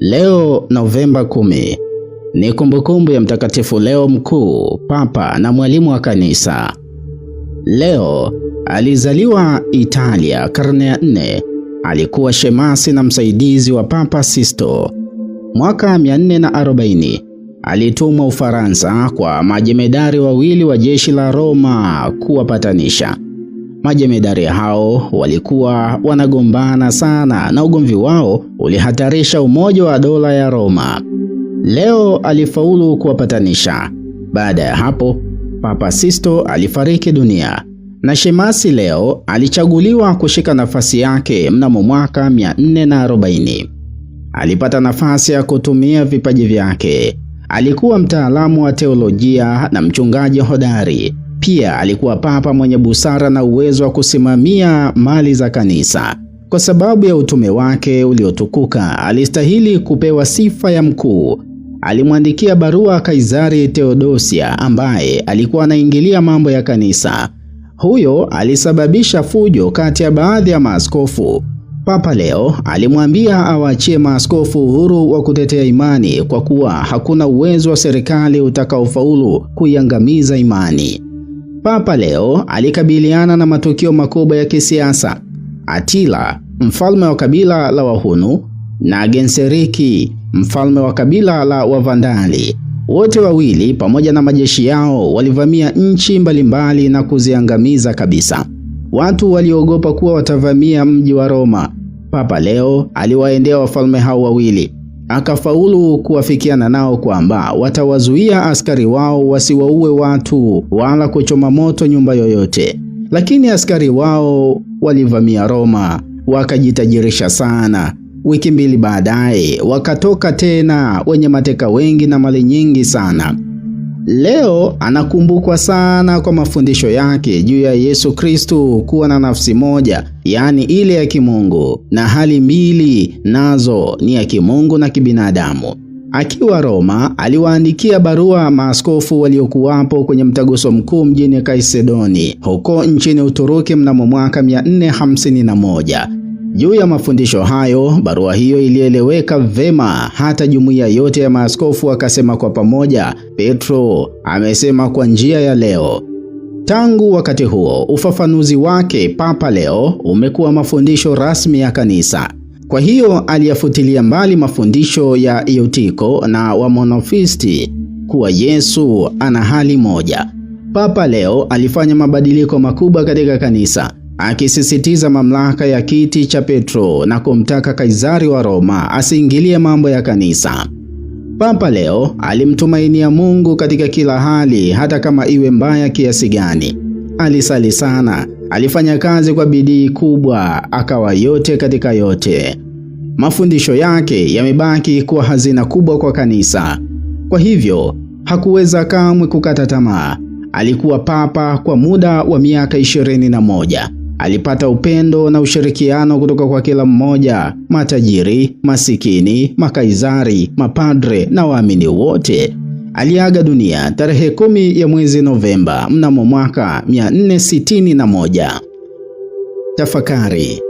Leo Novemba kumi ni kumbukumbu ya Mtakatifu Leo Mkuu, papa na mwalimu wa kanisa. Leo alizaliwa Italia karne ya nne. Alikuwa shemasi na msaidizi wa Papa Sisto. Mwaka 440 alitumwa Ufaransa kwa majemedari wawili wa jeshi la Roma kuwapatanisha. Majemedari hao walikuwa wanagombana sana na ugomvi wao ulihatarisha umoja wa dola ya Roma. Leo alifaulu kuwapatanisha. Baada ya hapo, Papa Sisto alifariki dunia na Shemasi Leo alichaguliwa kushika nafasi yake mnamo mwaka 440. Alipata nafasi ya kutumia vipaji vyake. Alikuwa mtaalamu wa teolojia na mchungaji hodari. Pia alikuwa papa mwenye busara na uwezo wa kusimamia mali za kanisa. Kwa sababu ya utume wake uliotukuka, alistahili kupewa sifa ya mkuu. Alimwandikia barua Kaisari Theodosia ambaye alikuwa anaingilia mambo ya kanisa. Huyo alisababisha fujo kati ya baadhi ya maaskofu. Papa Leo alimwambia awaachie maaskofu uhuru wa kutetea imani kwa kuwa hakuna uwezo wa serikali utakaofaulu kuiangamiza imani. Papa Leo alikabiliana na matukio makubwa ya kisiasa: Atila, mfalme wa kabila la Wahunu, na Genseriki, mfalme wa kabila la Wavandali. Wote wawili pamoja na majeshi yao walivamia nchi mbalimbali na kuziangamiza kabisa. Watu waliogopa kuwa watavamia mji wa Roma. Papa Leo aliwaendea wafalme hao wawili akafaulu kuwafikiana nao kwamba watawazuia askari wao wasiwaue watu wala kuchoma moto nyumba yoyote, lakini askari wao walivamia Roma wakajitajirisha sana. Wiki mbili baadaye wakatoka tena wenye mateka wengi na mali nyingi sana. Leo anakumbukwa sana kwa mafundisho yake juu ya Yesu Kristo kuwa na nafsi moja, yaani ile ya kimungu, na hali mbili nazo ni ya kimungu na kibinadamu. Akiwa Roma, aliwaandikia barua maaskofu waliokuwapo kwenye mtaguso mkuu mjini Kaisedoni, huko nchini Uturuki mnamo mwaka 451. Juu ya mafundisho hayo, barua hiyo ilieleweka vema, hata jumuiya yote ya maaskofu wakasema kwa pamoja, Petro amesema kwa njia ya leo. Tangu wakati huo, ufafanuzi wake Papa Leo umekuwa mafundisho rasmi ya kanisa. Kwa hiyo aliyafutilia mbali mafundisho ya Eutiko na wamonofisti kuwa Yesu ana hali moja. Papa Leo alifanya mabadiliko makubwa katika kanisa akisisitiza mamlaka ya kiti cha Petro na kumtaka Kaisari wa Roma asiingilie mambo ya kanisa. Papa Leo alimtumainia Mungu katika kila hali, hata kama iwe mbaya kiasi gani. Alisali sana, alifanya kazi kwa bidii kubwa, akawa yote katika yote. Mafundisho yake yamebaki kuwa hazina kubwa kwa kanisa. Kwa hivyo, hakuweza kamwe kukata tamaa. Alikuwa papa kwa muda wa miaka ishirini na moja. Alipata upendo na ushirikiano kutoka kwa kila mmoja, matajiri, masikini, makaizari, mapadre na waamini wote. Aliaga dunia tarehe kumi ya mwezi Novemba mnamo mwaka 461. Tafakari.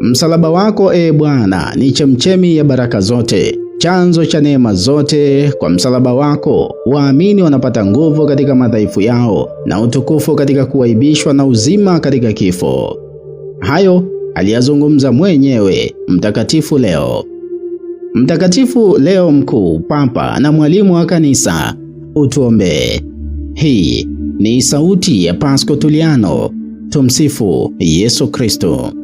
Msalaba wako, Ee Bwana, ni chemchemi ya baraka zote chanzo cha neema zote. Kwa msalaba wako waamini wanapata nguvu katika madhaifu yao na utukufu katika kuaibishwa na uzima katika kifo. Hayo aliyazungumza mwenyewe Mtakatifu Leo. Mtakatifu Leo Mkuu, papa na mwalimu wa kanisa, utuombee. Hii ni sauti ya Pasco Tuliano. Tumsifu Yesu Kristo.